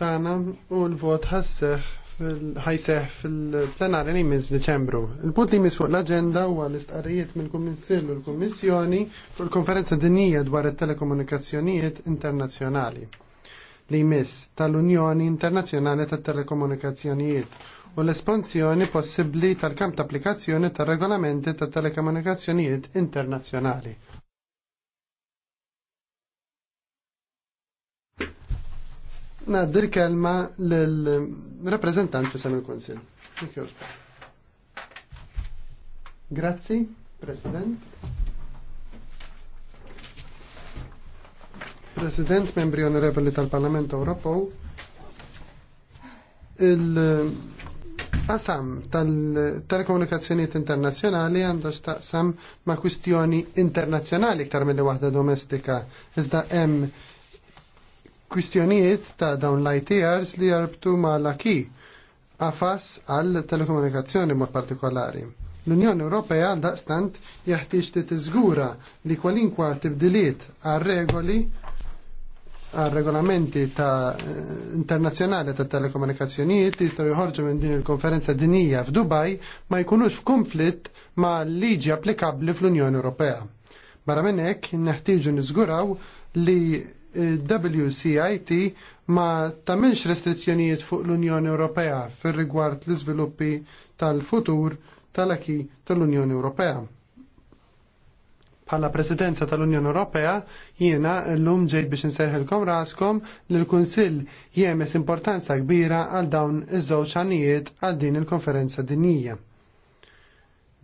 tagħna u l-vot ħasseħ ħajseħ fil-plenarja li jmiss f'Deċembru. Il-punt li jmiss fuq l-aġenda huwa l-istqarrijiet mill-Kummissillu u l-Kummissjoni fuq il-Konferenza Dinjija dwar it-Telekomunikazzjonijiet Internazzjonali li jmiss tal-Unjoni Internazzjonali tat-Telekomunikazzjonijiet u l-espansjoni possibbli tal-kamp ta' applikazzjoni tar-regolamenti tat-telekomunikazzjonijiet internazzjonali. Naddi l-kelma l reprezentant fissan il-Konsil. Grazzi, President. President, membri onorevoli tal-Parlament Ewropew, il-qasam tal-telekomunikazzjoniet internazzjonali għandu staqsam ma' kwistjoni internazzjonali ktar mill-li waħda domestika. Iżda hemm kwistjonijiet ta' dawn l-ITRs li jarbtu ma' l-aki għafas għal telekomunikazzjoni mod partikolari. L-Unjoni Ewropea daqstant jaħtieġ li tiżgura li kwalinkwa tibdiliet għal regoli għal regolamenti ta' internazzjonali ta' telekomunikazzjonijiet li jistgħu jħorġu minn din il-konferenza dinija f'Dubaj ma jkunux f'konflitt ma' liġi applikabbli fl-Unjoni Ewropea. Barra minn hekk neħtieġu niżguraw li WCIT ma tamilx restrizzjonijiet fuq l-Unjoni Ewropea fir rigward l-iżviluppi tal-futur tal-aki tal-Unjoni Ewropea. Bħala Presidenza tal-Unjoni Ewropea jiena llum ġejt biex nserħilkom raskom li l-Kunsill jemes importanza kbira għal dawn iż-żewġ għanijiet għal din il-konferenza dinjija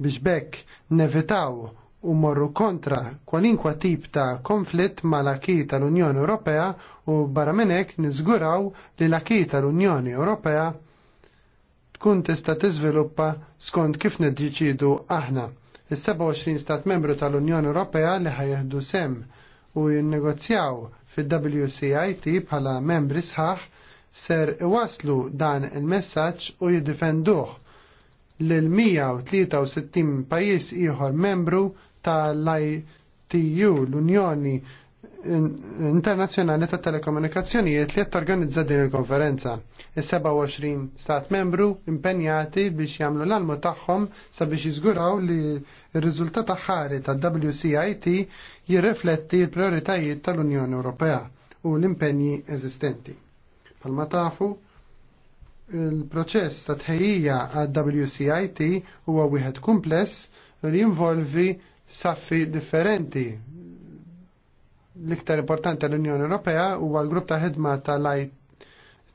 biex bekk nevitaw u morru kontra kwalinkwa tip ta' konflitt ma' l-aki tal-Unjoni Ewropea u barra minnek nizguraw li l-aki tal-Unjoni Ewropea tkun tista' tiżviluppa skont kif niddeċidu aħna. Is-27 stat membru tal-Unjoni Ewropea li ħajjeħdu sem u jinnegozjaw fil-WCIT bħala membri sħaħ ser iwaslu dan il-messaġġ u jiddifenduh l 163 pajjiż ieħor membru tal-ITU, l-Unjoni Internazzjonali ta' Telekomunikazzjonijiet li qed torganizza din il-konferenza. Is-27 stat membru impenjati biex jagħmlu l-almu tagħhom sabiex jiżguraw li r-riżultat ħari ta' wcit jirrifletti l-prioritajiet tal-Unjoni Ewropea u l-impenji eżistenti. Palma tafu, il-proċess ta' tħejjija għad WCIT huwa wieħed kumpless li jinvolvi saffi differenti. L-iktar importanti l-Unjoni Ewropea huwa l-grupp ta' ħedma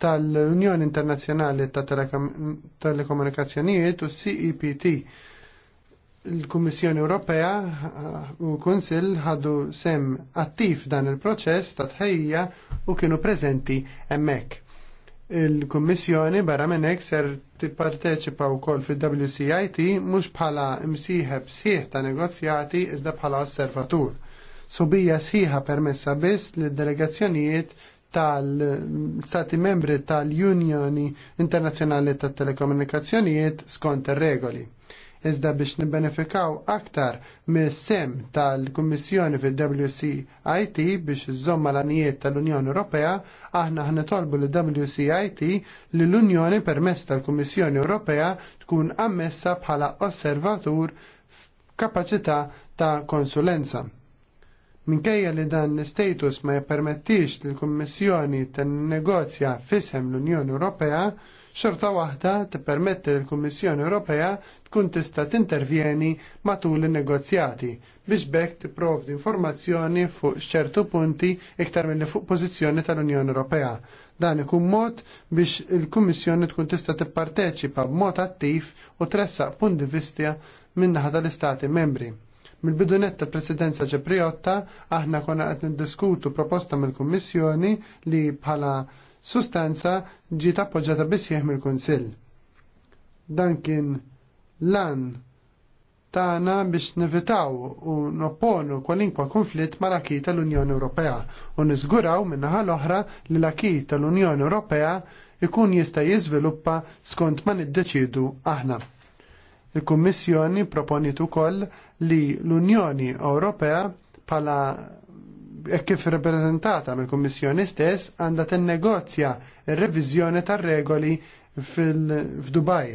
tal-Unjoni Internazzjonali ta' Telekomunikazzjonijiet u CEPT. Il-Kummissjoni Ewropea u l-Kunsill ħadu sem attiv dan il-proċess ta' tħejja u kienu preżenti hemmhekk. Il-Kummissjoni barra minn hekk ser tipparteċipa wkoll fil-WCIT mhux bħala msieħeb sħiħ ta' negozjati iżda bħala osservatur. Subija sħiħa permessa biss lid-delegazzjonijiet tal-stati membri tal-Unjoni Internazzjonali tat Telekomunikazzjonijiet skont ir-regoli. Iżda biex nibbenefikaw aktar mis-sem tal-Kummissjoni fil-WCIT biex iżomma l-anijiet tal-Unjoni Ewropea, aħna ħna tolbu l-WCIT li l-Unjoni permess tal-Kummissjoni Ewropea tkun ammessa bħala osservatur f'kapaċità ta' konsulenza Minkejja li dan l-status ma jippermettix l-Kummissjoni tan-negozja fisem l-Unjoni Ewropea, xorta waħda tippermetti li l-Kummissjoni Ewropea tkun tista' t-intervjeni matul in-negozjati biex bekk tipprovdi informazzjoni fuq ċertu punti iktar milli fuq pożizzjoni tal-Unjoni Ewropea. Dan ikun mod biex il-Kummissjoni tkun tista' tipparteċipa b'mod attiv u tressaq punti di vista minn naħa tal-Istati membri. Mill-bidunet tal-Presidenza Ġebriotta aħna konna qed niddiskutu proposta mill-Kummissjoni li bħala sustanza ġiet appoġġata bisjeħ mill-Kunsill. Dan kien lan tana biex nevitaw u nopponu kwalinkwa konflitt ma' l-akit tal-Unjoni Ewropea u niżguraw minnaħa l-oħra li l-akit tal-Unjoni Ewropea ikun jista' jiżviluppa skont ma niddeċidu aħna. Il-Kummissjoni proponiet ukoll li l-Unjoni Ewropea bħala e kif rappresentata mill-Kummissjoni stess għandha tinnegozja r-reviżjoni tar-regoli f'Dubaj.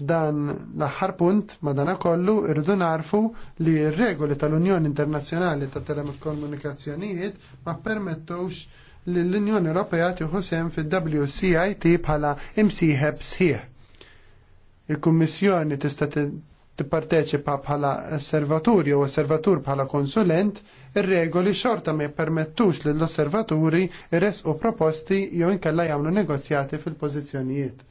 F'dan l-aħħar punt madanakollu irridu narfu li r-regoli tal-Unjoni Internazzjonali ta' Telekomunikazzjonijiet ma permettux li l-Unjoni Ewropea tieħu sehem fil-WCIT bħala imsieħeb sħiħ Il-Kummissjoni tista' tipparteċipa bħala osservaturi jew osservatur bħala konsulent, ir-regoli xorta ma jippermettux lill osservaturi u proposti jew inkella jagħmlu negozjati fil-pożizzjonijiet.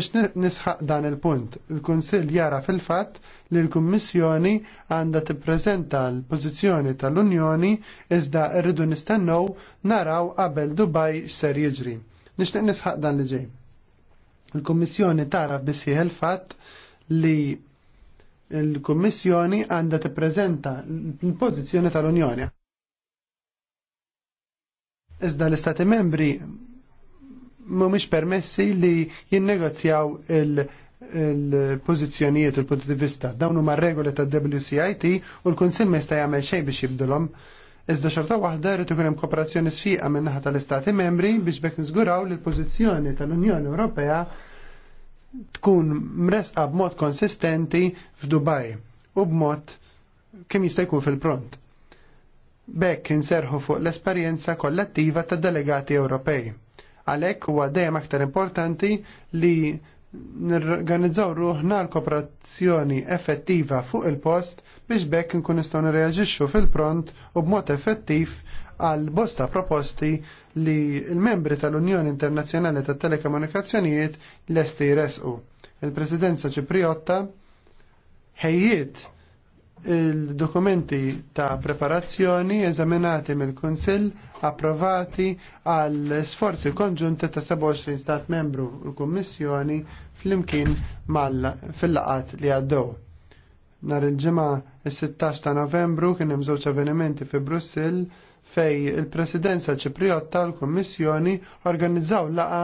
Nix nisħaq dan il-punt, il-Kunsill jara fil-fatt li l-Kummissjoni għandha tippreżenta l-pożizzjoni tal-Unjoni iżda rridu nistennew naraw qabel Dubaj x'ser jiġri. Nixtieq nisħaq dan li ġej. Il-Kommissjoni tara bissi fatt li il-Kommissjoni għandha tippreżenta l-pożizzjoni tal-Unjoni. Iżda l-Istati membri mhumiex permessi li jinnegozjaw il- il-pozizjonijiet il punti di vista. Dawn huma regoli ta' WCIT u l-Kunsill ma jista' jagħmel xejn biex jibdilhom. Iżda xorta waħda rrid ikun hemm kooperazzjoni sfiqa min naħa tal-Istati membri biex bekk niżguraw li l-pożizzjoni tal-Unjoni Ewropea tkun mresqa b'mod konsistenti f'Dubaj u b'mod kemm jista' jkun fil-pront. Bekk inserħu fuq l-esperjenza kollettiva tad delegati Ewropej. Għalhekk huwa dejjem aktar importanti li nirganizzaw ruħna l-kooperazzjoni effettiva fuq il-post biex bekk nkun nistgħu nirreaġixxu fil-pront u b'mod effettiv għal bosta proposti li l-membri tal-Unjoni Internazzjonali tat Telekomunikazzjonijiet lesti jresqu. Il-Presidenza Ċipriotta ħejjiet il-dokumenti ta' preparazzjoni eżaminati mill-Kunsill approvati għal sforzi konġunti ta' 27 stat membru u kummissjoni fl-imkien fil-laqat li għaddew. Nar il-ġimgħa is-16 ta' Novembru kien hemm żewġ avvenimenti fi Brussill fej il-Presidenza Ċipriotta l kummissjoni organizzaw laqa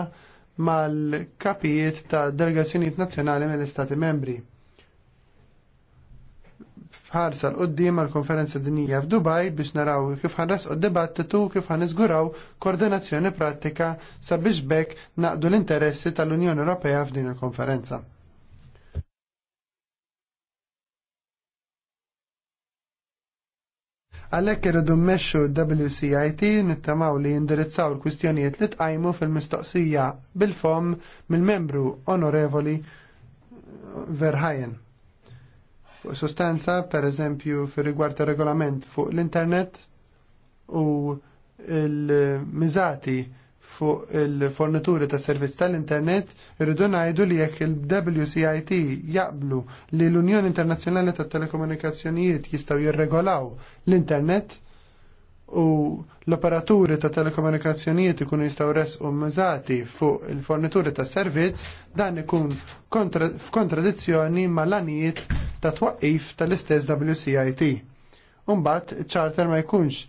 mal-kapijiet ta' delegazzjonijiet nazzjonali mill-Istati membri fħarsa l-qoddim għal-konferenza dinija f'Dubaj biex naraw kif ħanras d dibattitu kif ħanisguraw koordinazzjoni pratika sabiex bekk naqdu l-interessi tal-Unjoni Ewropea f'din il-konferenza. Għalhekk irridu mmexxu WCIT nittamaw li jindirizzaw l kwistjonijiet li tqajmu fil-mistoqsija bil-fom mill-membru onorevoli Verhajen sostanza, per eżempju, rigward regolament fuq l-internet u il-mizati fuq il-fornituri ta' servizz tal-internet irridu ngħidu li jekk il-WCIT jaqblu li l-Unjoni Internazzjonali tat Telekomunikazzjonijiet jistgħu jirregolaw l-internet u l-operaturi ta' telekomunikazzjonijiet ikunu jistgħu resqu mżati fuq il-fornituri ta' servizz dan ikun f'kontradizzjoni mal-anijiet ta' twaqif tal-istess WCIT. Umbat, ċarter ma jkunx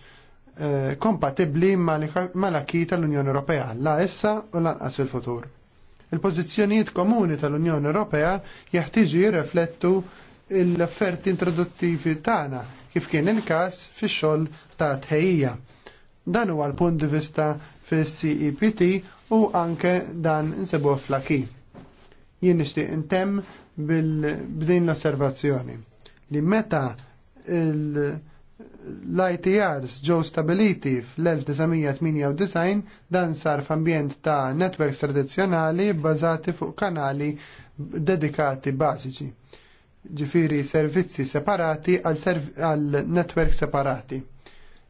eh, kompatibli mal-akki tal-Unjoni Ewropea, la issa u lanqas fil-futur. Il-pozizjonijiet komuni tal-Unjoni Ewropea jeħtiġu jirreflettu l-offerti introduttivi tagħna kif kien il-każ fix-xogħol ta' tħejjija. Dan huwa l-punt di vista fis-CEPT u anke dan insebuh fl-aki. Jien nixtieq intemm bil l-osservazzjoni li meta l-ITRs ġew stabiliti fl-1998 dan sar f'ambjent ta' netwerks tradizzjonali bbażati fuq kanali dedikati bażiċi ġifiri servizzi separati għal, serv netwerk separati.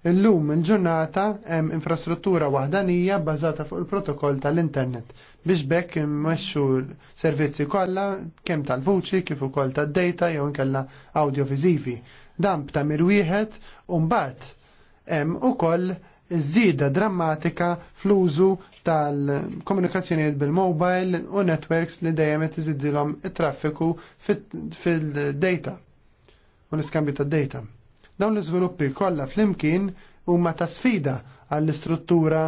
Illum il-ġurnata hemm infrastruttura waħdanija bbażata fuq il-protokoll tal-internet biex bekk immexxu servizzi kollha kemm tal-vuċi kif ukoll tad-data jew inkella audio-viżivi. Dan b'tamir wieħed u mbagħad hemm ukoll żieda drammatika fl-użu tal-komunikazzjonijiet bil-mobile u networks li dejjem qed iżidilhom it-traffiku fil-data u l-iskambju tad-data. Dawn l-iżviluppi kollha flimkien huma ta' sfida għall-istruttura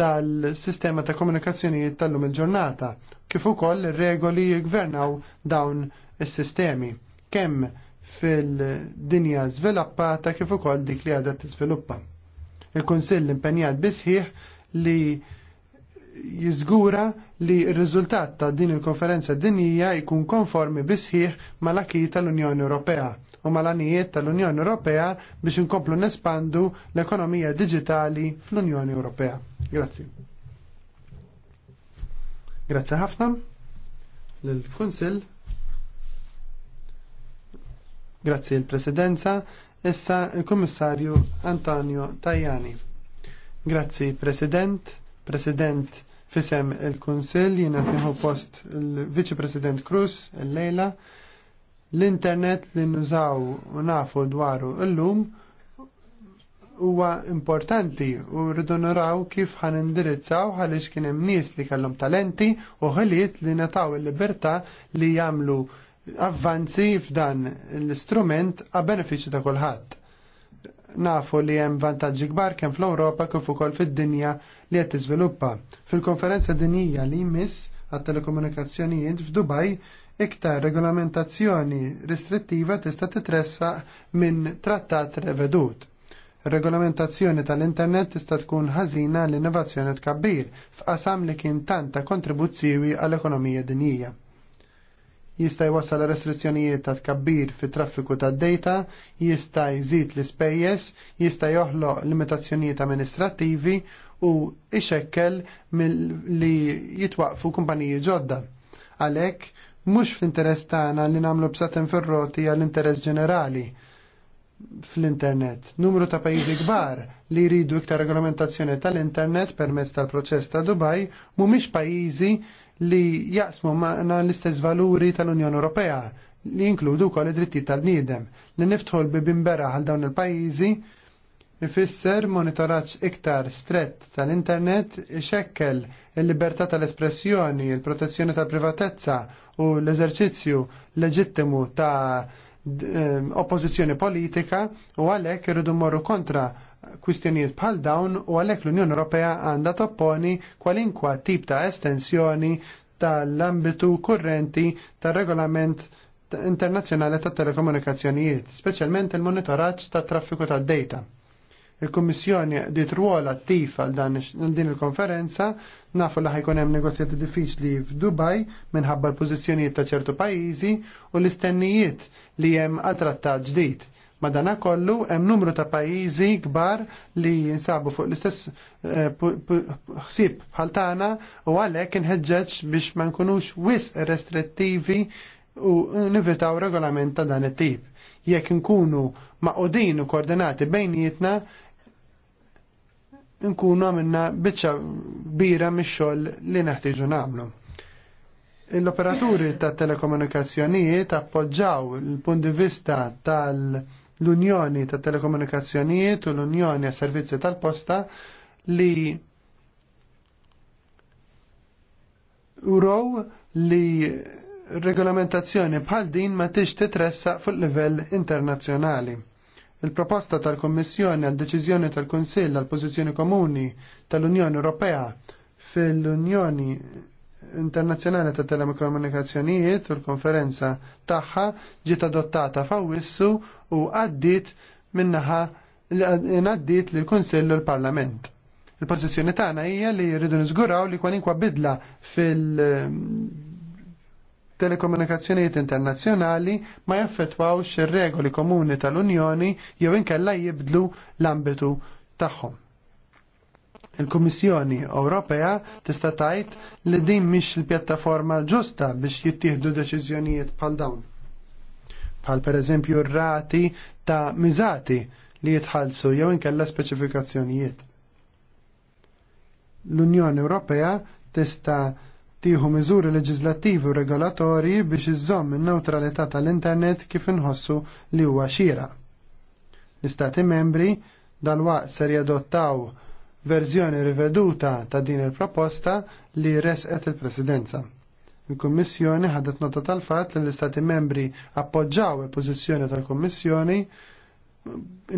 tal-sistema ta' komunikazzjonijiet tal-lum il-ġurnata, kif ukoll ir-regoli jgvernaw dawn is-sistemi, kemm fil-dinja żviluppata kif ukoll dik li għadha tiżviluppa. Il-Kunsill impenjat bisħiħ li jiżgura li r-riżultat ta' din il-konferenza dinjija jkun konformi bisħiħ mal-aki tal-Unjoni Ewropea u mal-anijiet tal-Unjoni Ewropea biex inkomplu nespandu l-ekonomija digitali fl-Unjoni Ewropea. Grazzi. Grazzi ħafna l-Kunsil. Grazzi l-Presidenza. Issa il-Kommissarju Antonio Tajani. Grazzi President. President fisem il-Kunsill jiena fiħu post il-Viċi President Cruz il-lejla l-internet li nużaw u nafu dwaru il-lum huwa importanti u rridu naraw kif ħan indirizzaw għaliex kien hemm nies li kellhom talenti u ħiliet li nataw il-libertà li jagħmlu avvanzi f'dan l-istrument għal benefiċċju ta' kulħadd nafu li hemm vantaġġi kbar kemm fl-Ewropa kif ukoll fid-dinja li qed tiżviluppa. Fil-konferenza dinjija li jmiss għat-telekomunikazzjonijiet f'Dubaj iktar regolamentazzjoni restrittiva tista' titressa minn trattat revedut. Regolamentazzjoni tal-internet tista' tkun ħażina l-innovazzjoni tkabbir f'qasam li kien tanta kontribuzzjiwi għall-ekonomija dinjija jista' jwassal restrizzjonijiet ta' tkabbir fit traffiku ta' data, jista' jżid l-ispejjeż, jista' joħloq limitazzjonijiet amministrattivi u ixekkel li jitwaqfu kumpaniji ġodda. Għalhekk mhux fl-interess tagħna li nagħmlu b'saten fir-roti għall-interess ġenerali fl-internet. Numru ta' pajjiżi kbar li jridu iktar regolamentazzjoni tal-internet permezz tal-proċess ta' Dubai mhumiex pajjiżi li jaqsmu maħna l-istess valuri tal-Unjoni Ewropea li jinkludu kol id-drittijiet tal-bniedem li niftħu l-bibin għal dawn il-pajjiżi ifisser monitoraġġ iktar strett tal-internet ixekkel il-libertà tal-espressjoni, il-protezzjoni tal-privatezza u l-eżerċizzju leġittimu ta' eh, oppożizzjoni politika u għalhekk irridu morru kontra kwistjonijiet bħal dawn u għalhekk l-Unjoni Ewropea għandha topponi kwalinkwa tip ta' estensjoni tal-ambitu kurrenti tar-regolament internazzjonali tat telekomunikazzjonijiet, speċjalment il-monitoraġġ tat traffiku tad data. Il-Kummissjoni dit ruol attiv għal din il-konferenza, nafu li ħajkun hemm negozjati diffiċli f'Dubaj minħabba l-pożizzjonijiet ta' ċertu pajjiżi u l-istennijiet li hemm għal trattat ġdid Madana kollu hemm numru ta' pajjiżi kbar li jinsabu fuq l-istess eh, ħsieb bħal tagħna u għalhekk inħeġġeġ biex ma nkunux wisq restrittivi u nivitaw regolament ta' dan it-tip. Jekk nkunu maqudin u koordinati bejnietna, nkunu għamilna biċċa kbira mix-xogħol li neħtieġu nagħmlu l-operaturi ta' telekomunikazzjonijiet appoġġaw il-punt di vista tal- l-Unjoni ta' Telekomunikazzjonijiet u l-Unjoni għas Servizzi tal-Posta li uraw li regolamentazzjoni bħal din ma tix titressaq fuq livell internazzjonali. Il-proposta tal-Kommissjoni għal deċiżjoni tal-Kunsill għal pożizzjoni komuni tal-Unjoni Ewropea fil-Unjoni Internazzjonali ta' Telekomunikazzjonijiet u l-konferenza tagħha ġiet adottata f'Awwissu u għaddiet minnaħa ngħaddiet lil kunsill u l-Parlament. Il-pożizzjoni tagħna hija li jridu niżguraw li kwalinkwa bidla fil- telekomunikazzjonijiet internazzjonali ma jaffettwawx ir-regoli komuni tal-Unjoni jew inkella jibdlu l-ambitu tagħhom. Il-Kummissjoni Ewropea tista' tgħid li din mhix il-pjattaforma ġusta biex jittieħdu deċiżjonijiet bħal dawn. Bħal pereżempju r-rati ta' miżati li jitħallsu jew inkella speċifikazzjonijiet. L-Unjoni Ewropea tista' tieħu miżuri leġislattivi u regolatorji biex iżżomm in-newtralità tal-internet kif inħossu li huwa xira. L-Istati membri dalwaqt ser jadottaw verżjoni riveduta ta' din il-proposta li resqet il-Presidenza. Il-Kommissjoni ħadet nota tal-fat li l-Istati membri appoġġaw il-pożizzjoni tal-Kommissjoni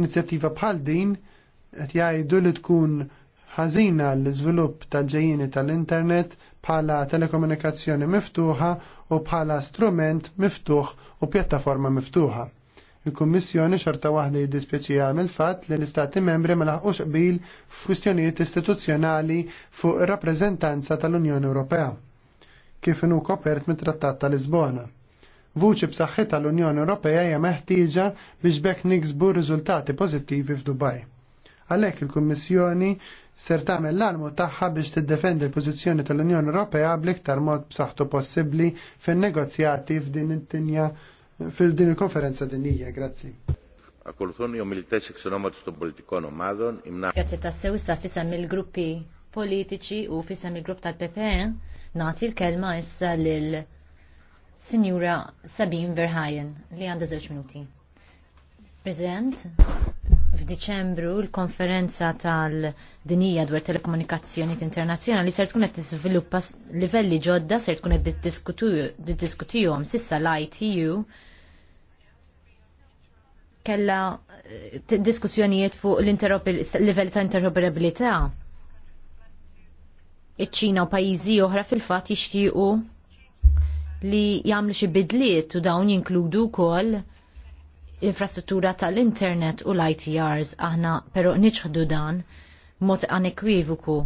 inizjattiva bħal din qed jgħidu li tkun ħażina l-iżvilupp tal-ġejjini tal-internet bħala telekomunikazzjoni miftuħa u bħala strument miftuħ u pjattaforma miftuħa. Il-Kummissjoni xorta waħda jiddispjaċija mill-fatt li l-Istati membri ma laħqux qbil f'kwistjonijiet istituzzjonali fuq ir-rappreżentanza tal-Unjoni Ewropea kif inhu kopert mit-Trattat tal Lisbona. Vuċi b'saħħitha tal-Unjoni Ewropea hija meħtieġa biex bekk niksbu riżultati pożittivi f'Dubaj. Għalhekk il-Kummissjoni ser tagħmel l-armu tagħha biex tiddefendi l-pożizzjoni tal-Unjoni Ewropea bl-iktar mod b'saħħtu possibbli fin-negozjati f'din it-tinja fil-din il-konferenza dinija. Grazzi. Ακολουθούν οι ομιλητέ εξ ονόματο των πολιτικών ομάδων. Grazie tassew issa fisam il-gruppi politiċi u fisam il-grupp tal-PPE nagħti l-kelma issa lil Sinjura Sabin Verhaien li għandha żewġ minuti. President, F'Diċembru l-konferenza tal-Dinija dwar telekomunikazzjoni internazzjonali ser tkun qed tiżviluppa livelli ġodda ser tkun qed tiddiskutihom sissa l-ITU kella eh, diskussjonijiet fuq l-livell ta' interoperabilità. Iċ-Ċina u pajjiżi oħra fil-fatt jixtiequ li jagħmlu xi bidliet u dawn jinkludu wkoll infrastruttura tal-internet u l-ITRs aħna pero niċħdu dan mod anekwivuku.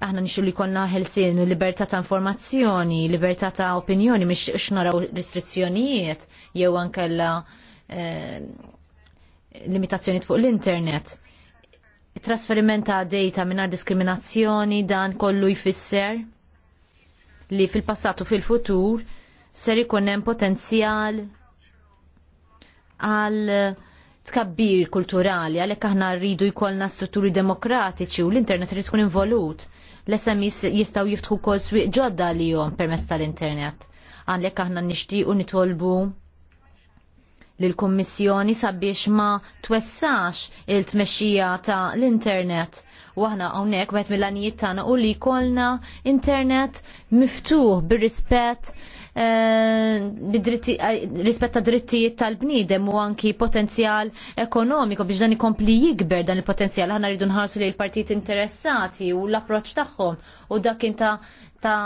Aħna nixu li konna ħelsin libertà ta' informazzjoni, libertà ta' opinjoni, mhix xnaraw restrizzjonijiet jew ankella eh, fuq l-internet. Trasferiment ta' data minar diskriminazzjoni dan kollu jfisser li fil-passat u fil-futur ser ikun hemm potenzjal għal tkabbir kulturali għalhekk aħna rridu jkollna strutturi demokratiċi u l-internet rrid tkun involut. L-SMIs jistgħu jiftħu kol swieq ġodda li jom permess tal-internet. Għalhekk aħna u nitolbu lill-Kummissjoni sabiex ma twessax il-tmexxija ta' l-internet u aħna hawnhekk wieħed mill-għanijiet tagħna u li jkollna internet miftuħ bir-rispett Eh, eh, rispetta drittijiet tal-bniedem u anki potenzjal ekonomiku biex dan ikompli jikber dan il-potenzjal ħana rridu nħarsu li l-partit interessati u l-approċ tagħhom u dak ta' ta'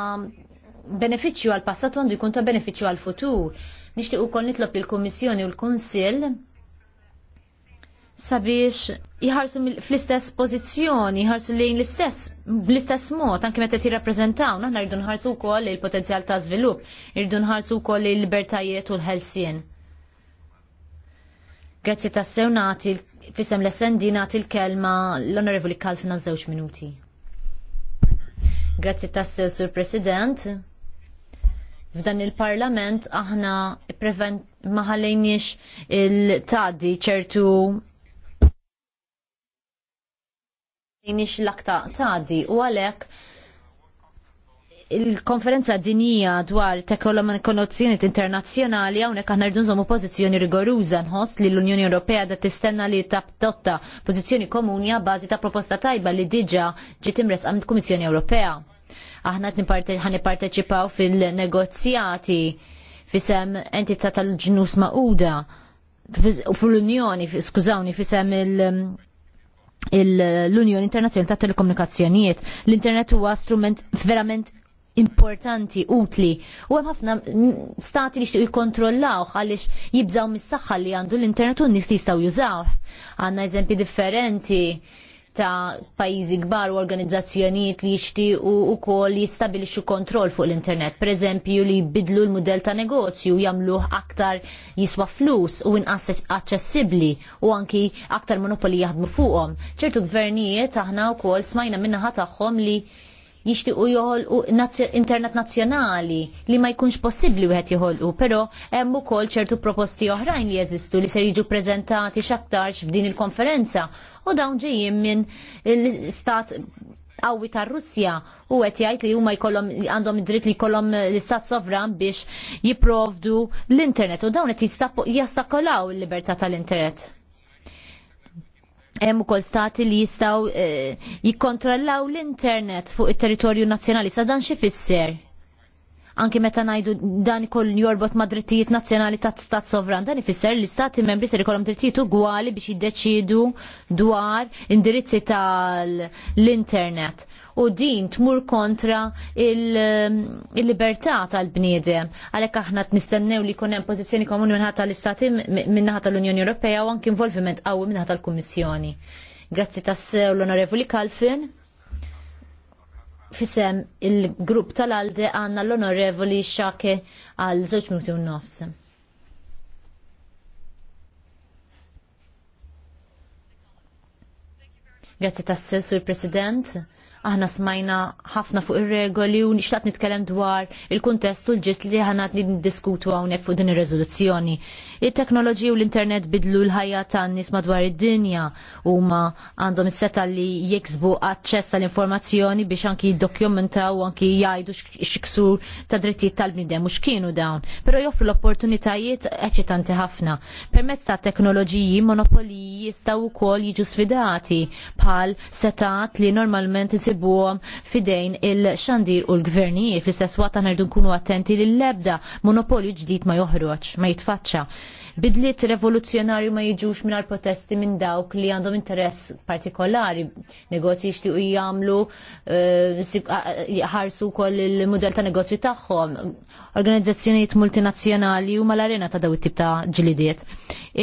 beneficju għal-passat għandu jkun ta' beneficju għal-futur. u ukoll nitlob il-Kummissjoni u l-Kunsill sabiex jħarsu fl-istess pożizzjoni, jħarsu lejn l-istess, bl-istess mod, anke meta rappresentaw, naħna rridu nħarsu wkoll il-potenzjal ta' żvilupp, rridu nħarsu wkoll il-libertajiet u l-ħelsien. Grazzi ta' nati, fissem l-essendi nagħti l-kelma l-Onorevoli Kalfna żewġ minuti. Grazzi ta' sew, Sur President. F'dan il-Parlament aħna maħalejniex il-taddi ċertu nix l-akta tadi u għalek il-konferenza dinija dwar teknologizzazzjoni internazzjonali hawnhekk aħna rridu nżommu pożizzjoni rigoruża nħoss li l-Unjoni Ewropea da tistenna li taptotta pożizzjoni komuni bażi ta' proposta tajba li diġà ġiet imresqa mill-Kummissjoni Ewropea. Aħna qed parteċipaw fil-negozjati fisem entità tal-ġnus Magħquda u fil unjoni skużawni, fisem il- l-Unjoni Internazzjonali ta' Telekomunikazzjonijiet. L-internet huwa strument verament importanti, utli. U hemm ħafna stati li xtiq jikkontrollawh għaliex jibżaw mis-saħħa li għandu l-internet u n-nies jistgħu jużawh. Għandna eżempji differenti ta' pajjiżi kbar u organizzazzjonijiet li jixtiequ wkoll jistabilixxu kontroll fuq l-internet, pereżempju li jbidlu l-mudell ta' negozju jagħmluh aktar jiswa flus u inqas aċċessibbli u anki aktar monopoli jaħdmu fuqhom. ċertu gvernijiet aħna wkoll smajna minna tagħhom li jixtiequ joħolqu internet nazzjonali li ma jkunx possibbli wieħed joħolqu, però hemm ukoll ċertu proposti oħrajn li jeżistu li ser jiġu preżentati x'aktarx f'din il-konferenza u dawn ġejjin minn l-istat qawwi tar Russja u qed jgħid li huma jkollhom għandhom id-dritt li jkollhom l-istat sovran biex jipprovdu l-internet u dawn qed jistakolaw il-libertà tal-internet hemm ukoll stati li jistgħu eh, jikkontrollaw l-internet fuq it-territorju nazzjonali sa dan xi fisser? Anki meta ngħidu dan ikoll jorbot ma' drittijiet nazzjonali ta' stat sovran, dan ifisser li stati membri ser ikollhom drittijiet ugwali biex jiddeċidu dwar indirizzi tal-internet u din tmur kontra um, il-libertà tal-bniedem. Għalhekk aħna nistennew li jkun hemm pożizzjoni komuni minnaħat tal-Istati minnaħat tal-Unjoni Ewropea u anke involviment qawwi minnaħat tal-Kummissjoni. Grazzi tassew l-Onorevoli Kalfin. Fisem il-grupp tal-Alde għanna l-Onorevoli Xake għal żewġ minuti u nofs. Grazzi Sur President aħna smajna ħafna fuq ir-regoli u nixtaqt nitkellem dwar il-kuntest u l-ġist li ħana niddiskutu hawnhekk fuq din ir-riżoluzzjoni. Il-teknoloġija u l-internet bidlu l-ħajja tan-nies madwar id-dinja ma għandhom is-seta li jiksbu aċċess għall informazzjoni biex anki jiddokjumentaw u anki jgħidu x'iksur ta' drittijiet tal-bniedem u x'kienu dawn, però joffru l-opportunitajiet eċitanti ħafna. Permezz ta' teknoloġiji monopoli jistgħu wkoll jiġu sfidati bħal setat li normalment insibuhom fidejn il-xandir u l-gvernijiet fl-istess waqt nkunu attenti li l-ebda monopolju ġdid ma joħroġ, ma jitfaċċa bidliet revoluzzjonarju ma jiġux mingħajr protesti minn dawk li għandhom interess partikolari, negozji u jagħmlu jħarsu eh, wkoll il-mudell ta' negozju tagħhom, organizzazzjonijiet multinazzjonali huma l-arena ta' daw it-tip ta' ġlidiet.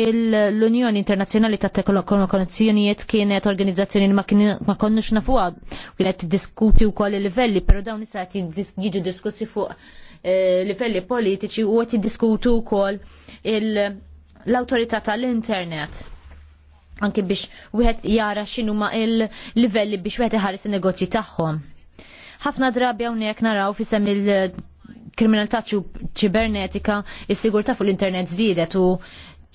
L-Unjoni Internazzjonali ta' Telekomunikazzjonijiet kienet organizzazzjoni li ma konnux nafuha, kienet diskuti wkoll il-livelli, però dawn issa jiġu diskussi fuq livelli politiċi u għet diskutu kol il- l-autorità tal-internet anki biex wieħed jara x'inhu ma il-livelli biex wieħed iħares in-negozji tagħhom. Ħafna drabi hawnhekk naraw fisem il-kriminalità ċibernetika is-sigurtà fuq l-internet żdiedet u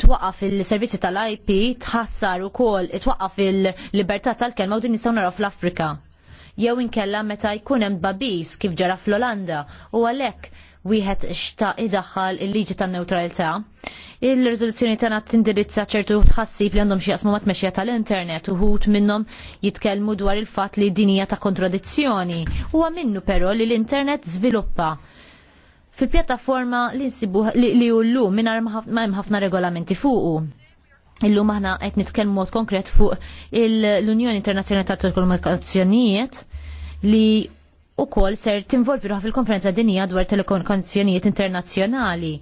twaqaf il-servizzi tal-IP tħassar ukoll twaqaf il-libertà tal-kelma u din nistgħu naraw fl-Afrika jew inkella meta jkun hemm babis kif ġara fl-Olanda u għalhekk wieħed xta' idaħħal il-liġi tan-neutralità. Il-riżoluzzjoni tagħna tindirizza ċertu tħassib li għandhom xi jaqsmu mat-mexxija tal-internet uħud minnhom jitkellmu dwar il-fatt li din hija ta' kontradizzjoni. Huwa minnu però li l-internet żviluppa fil-pjattaforma li nsibu li ullu minn ħafna regolamenti fuqu. Illum aħna qed nitkellmu mod konkret fuq l-Unjoni Internazzjonali tal-Telekomunikazzjonijiet li u kol ser tinvolvi ruħa fil-konferenza dinija dwar telekonzjonijiet internazzjonali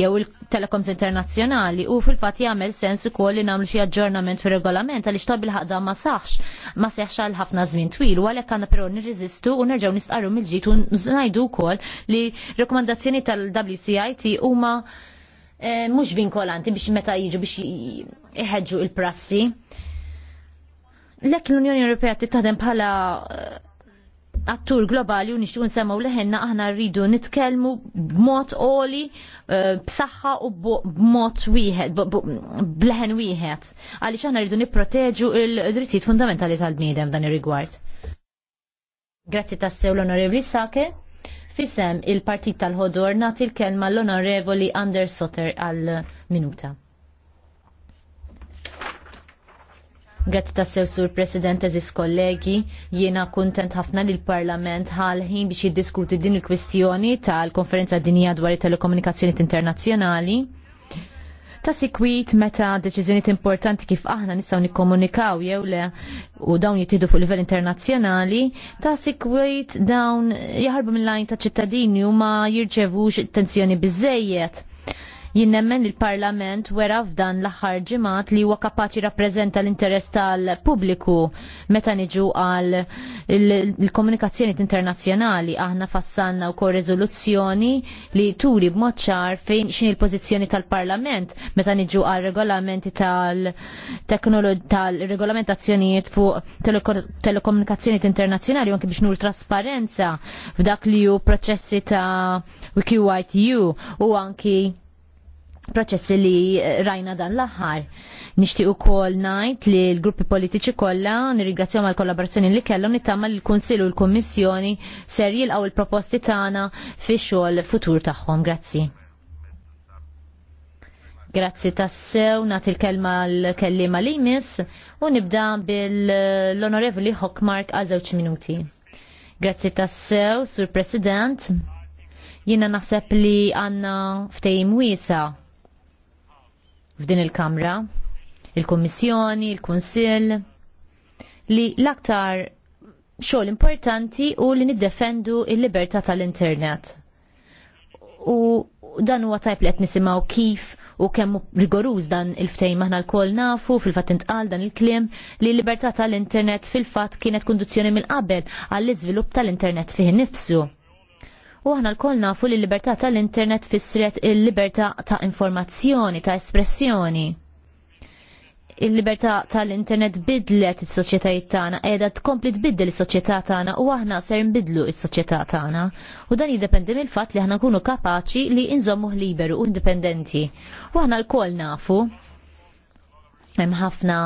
jew il-telekoms internazzjonali u fil-fatt jagħmel sens ukoll li nagħmlu xi aġġornament fir-regolament għal ta' bil ħadda ma saħx ma seħx għal ħafna żmien twil u għalhekk għandna però nirriżistu u nerġgħu nistqarru mill-ġid u ngħidu wkoll li rekomandazzjoni tal-WCIT huma eh, mhux vinkolanti biex meta jiġu biex jħedġu il-prassi. Lek l-Unjoni Ewropea titaħdem bħala eh, għattur globali u nixtiequ nsemmaw leħenna aħna rridu nitkellmu b'mod oli eh, b'saħħa u b'mod wieħed b'leħen wieħed għaliex aħna rridu nipproteġu il drittijiet fundamentali tal-bniedem dan ir-rigward. Grazzi tassew l-Onorevoli Sake. Fisem il-partit tal-ħodor nagħti l-kelma l-Onorevoli Anders Sotter għal minuta. Grazzi ta' sew sur President eżis kollegi, jiena kuntent ħafna li l-Parlament ħalħin biex jiddiskuti din il-kwistjoni tal-Konferenza Dinija dwar it-Telekomunikazzjoni Internazzjonali. Ta' sikwit meta deċiżjonijiet importanti kif aħna nistgħu nikkomunikaw jew le u dawn jittidu fuq livell internazzjonali, ta' sikwit dawn jaħarbu mill-lajn ta' ċittadini u ma jirċevux attenzjoni biżejjed jinnemmen il parlament wera f'dan l-aħħar ġimgħat li huwa kapaċi rappreżenta l-interess tal-pubbliku meta niġu għal il komunikazzjoni internazzjonali. Aħna fassanna wkoll riżoluzzjoni li turi b'mod ċar fejn x'in il-pożizzjoni tal-Parlament meta niġu għal regolamenti tal-regolamentazzjonijiet fuq telekomunikazzjoni internazzjonali anke biex nur trasparenza f'dak li hu proċessi ta' WQITU u anki proċessi li rajna dan l-aħħar. Nixtieq ukoll ngħid li l-gruppi politiċi kollha nirringrazzjaw mal kollaborazzjoni li kellhom nittama li l-Kunsill u l-Kummissjoni ser jilqgħu l-proposti tagħna fix-xogħol futur tagħhom. Grazzi. Grazzi tassew, nagħti l-kelma l-kellima li jmiss u nibda bil-Onorevoli Hockmark għal żewġ minuti. Grazzi tassew, Sur President. Jiena naħseb li għandna ftehim wiesa' f'din il-Kamra, il-Kommissjoni, il-Kunsill, li l-aktar xogħol importanti u li niddefendu il-libertà tal-internet. U dan huwa tajb li qed nisimgħu kif u kemm rigoruż dan il-ftejn maħna l-kol nafu fil-fatt intqal dan il-kliem li l-libertà tal-internet fil-fatt kienet kunduzzjoni mill-qabel għall-iżvilupp tal-internet fih nifsu. U aħna l-koll nafu li l-libertà tal-internet fissret il-libertà ta' informazzjoni, ta' espressjoni. Il-libertà tal-internet bidlet is-soċjetajiet tagħna, qiegħda tkompli tbiddel is-soċjetà tagħna u aħna ser nbidlu is-soċjetà tagħna. U dan jiddependi mill-fatt li aħna nkunu kapaċi li inżommu liberu u indipendenti. U aħna l-koll nafu hemm ħafna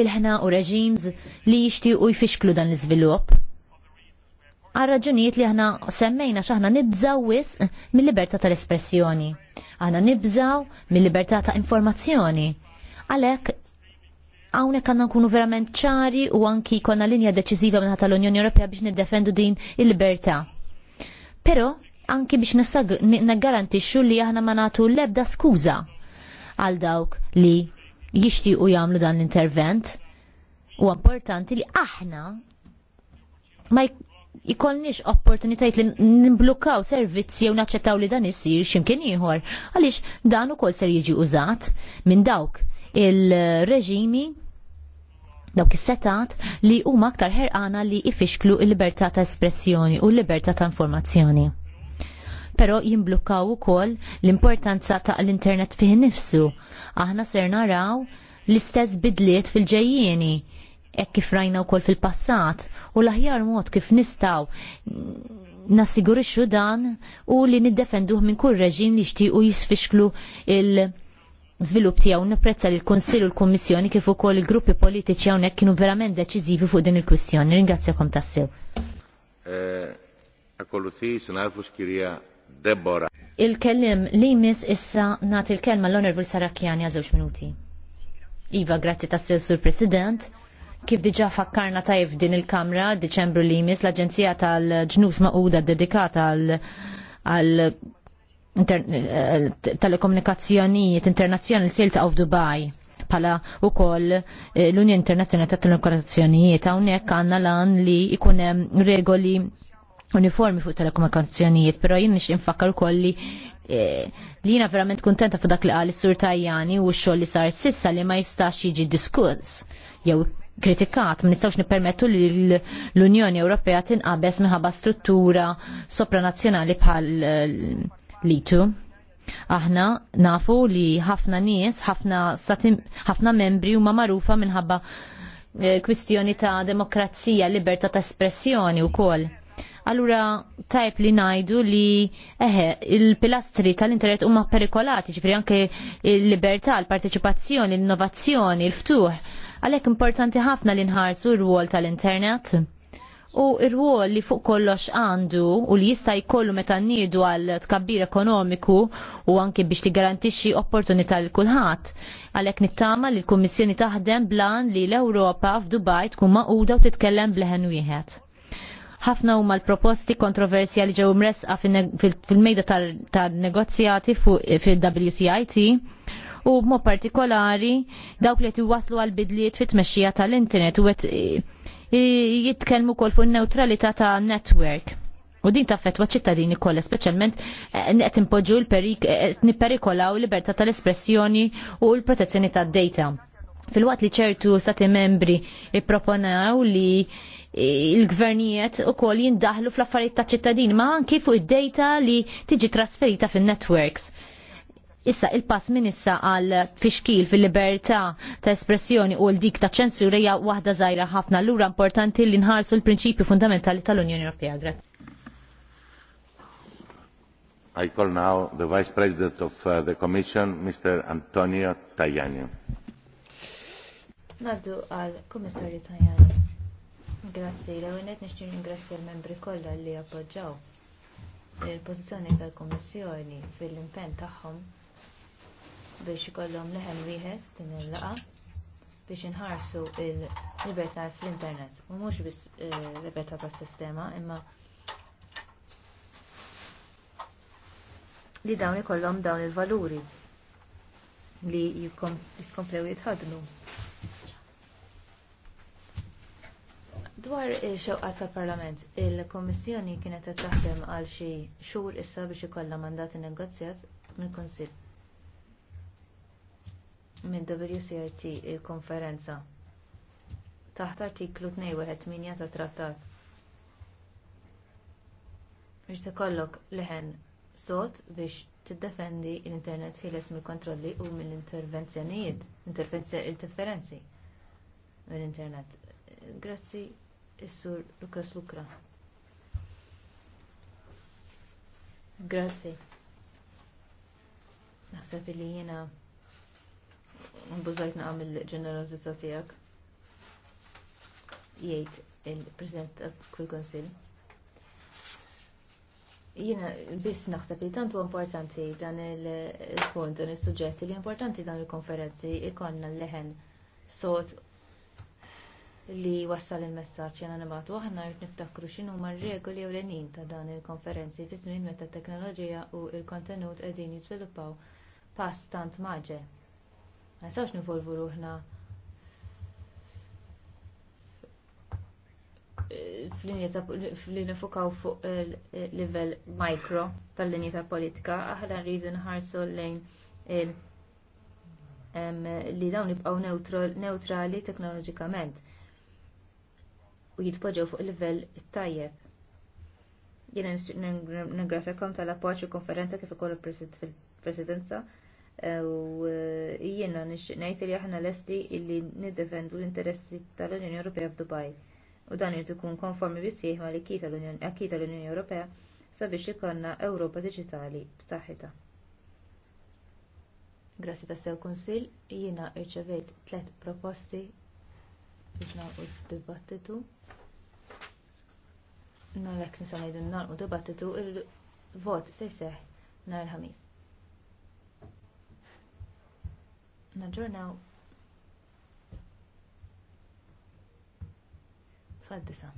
ilħna u reġims li jixtiequ jfixklu dan l-iżvilupp għal raġunijiet li aħna semmejna x'aħna nibżaw wis mill-libertà tal-espressjoni. Aħna nibżaw mill-libertà ta' informazzjoni. Għalhekk hawnhekk għandna nkunu verament ċari u għanki konna linja deċiżiva minn tal-Unjoni Ewropea biex niddefendu din il-libertà. Però anki biex naggarantixxu li aħna ma nagħtu l-ebda skuża għal dawk li jixtiequ jagħmlu dan l-intervent. U importanti li aħna ma ikolniex opportunitajt li nimblukkaw servizzi jew naċċettaw li dan issir x'imkien ieħor għaliex dan ukoll ser jiġi użat minn dawk il-reġimi dawk is-setat li huma aktar ħerqana li ifixklu l-libertà ta' espressjoni u l-libertà ta' informazzjoni. Però jimblukkaw ukoll l-importanza ta' l-internet fih nifsu. Aħna ser naraw l-istess bidliet fil-ġejjieni hekk kif rajna wkoll fil-passat u l-aħjar mod kif nistgħu nassigurixxu dan u li niddefenduh minn kull reġim li xtiequ jisfixklu il- Zvilup tiegħu nipprezza li l-Kunsill u l-Kummissjoni kif ukoll il-gruppi politiċi hawnhekk kienu verament deċiżivi fuq din il-kwistjoni. Ringrazzjakom tassew. Eh, akoluti Deborah. Il-kellim li miss issa nagħti il-kelma l-Onorevol Sarakjani għal żewġ minuti. Iva, grazzi tassew sur President. Kif diġa fakkarna tajf din il-Kamra, Deċembru li jmiss l-Aġenzija tal-ġnus maquda dedikata għal eh, telekomunikazzjonijiet internazzjonali sil ta' Dubai pala u koll eh, l-Unjoni Internazzjonali ta' Telekomunikazzjonijiet hawnhekk għandna lan li jkun hemm regoli uniformi fuq telekomunikazzjonijiet, però jien nix infakkar ukoll li eh, li jina verament kontenta fuq dak li qal is-sur Tajjani u x-xogħol li sar sissa li ma jistax jiġi diskuss jew kritikat, ma nistawx nippermettu li l-Unjoni Ewropea tinqabes minħabba struttura sopranazzjonali bħal eh, litu. Aħna nafu li ħafna nies, ħafna membri huma magħrufa minħabba eh, kwistjoni ta' demokrazija, libertà ta' espressjoni wkoll. Allura tajb li najdu li eħe, il-pilastri tal-internet huma perikolati, ġifri anke il-libertà, il-parteċipazzjoni, l-innovazzjoni, il-ftuħ. Għalhekk importanti ħafna li nħarsu r wol tal-internet u r wol li fuq kollox għandu u li jista' jkollu meta nniedu għal tkabbir ekonomiku u anki biex li garantixxi opportunità lil kulħadd. Għalhekk nittama li l-Kummissjoni taħdem blan li l-Ewropa f'Dubaj tkun maquda u titkellem bleħen wieħed ħafna huma l-proposti kontroversja li ġew mresqa fil-mejda tal-negozjati fuq fil-WCIT u b'mod partikolari dawk li waslu għal bidliet fit tmexxija tal-internet u għet jitkellmu kol fuq neutralità ta' network. U din taffetwa ċittadini kollha speċjalment eh, qed impoġġu l-perik eh, nipperikolaw libertà tal-espressjoni u l-protezzjoni tad-data. fil wat li ċertu stati membri ipproponaw li il-gvernijiet u koll jindaħlu fl-affarijiet ta' ċittadini, ma' anki fuq id-data li tiġi trasferita fin networks Issa il-pass minn issa għal fiskil fil-libertà ta' espressjoni u l-dik ta' ċensura hija waħda żgħira ħafna lura importanti li nħarsu l-prinċipju fundamentali tal-Unjoni Ewropea. Grazie. I call now the Vice President of uh, the Commission, Mr. Antonio Tajani. Naddu għal Komissarju Tajani. Grazzi, l-għonet nixtieq ringrazzi l-membri kollha li appoġġaw il-pożizzjoni tal-Kummissjoni fil-impenn tagħhom biex ikollhom leħen wieħed din il laqgħa biex inħarsu l libertà fl-internet. U mhux biss eh, libertà tas-sistema, imma li dawn ikollhom dawn il-valuri li jkomplew jitħadnu. Dwar il-xewqa tal parlament, il kummissjoni kienet taħdem għal xi xhur issa biex ikollha mandat innegozjat mill-Kunsill minn WCIT il-konferenza taħt artiklu 28 ta' trattat. Biex tikollok leħen sot biex tiddefendi l-internet ħiles mill kontrolli u mill-intervenzjonijiet, interferenzi mill-internet. Grazzi, Is-Sur Lukas Lukra. Grazzi. Naħseb li jiena Mbużajt naqam il-ġenerozita tijak. Jgħid il-President kull konsil. Jiena biss naħseb li tantu importanti dan il-punt, dan il-sujġetti li importanti dan il-konferenzi ikonna l-leħen sot li wassal il-messaċ jena nabatu għahna jrt niftakru xinu ma regoli u ta' dan il-konferenzi fi żmien meta t teknoloġija u il-kontenut edin jizviluppaw pass tant maġel. Ma nistax nivolvu ruħna fl-linja fukaw fuq eh, level mikro tal-linja ta' politika, aħna rridu nħarsu lejn eh, li dawn jibqgħu neutrali teknoloġikament u jitpoġġew fuq livell tajjeb. Jiena ningrasakom tal-appoġġ u konferenza kif ukoll il-presidenza u eh, jiena ngħid li aħna lesti illi niddefendu l-interessi tal-Unjoni Ewropea f'Dubaj. U dan irid ikun konformi bisih ma l-akkita l-Unjoni Ewropea sabiex ikonna Ewropa Diġitali b'saħħitha. Grazzi ta' sew kunsil, jiena rċevejt tliet proposti biex nagħlqu d-dibattitu. Nolek nisa ngħidu nagħlqu dibattitu il-vot se jseħħ nhar il-ħamis. naġġornaw sal-disa.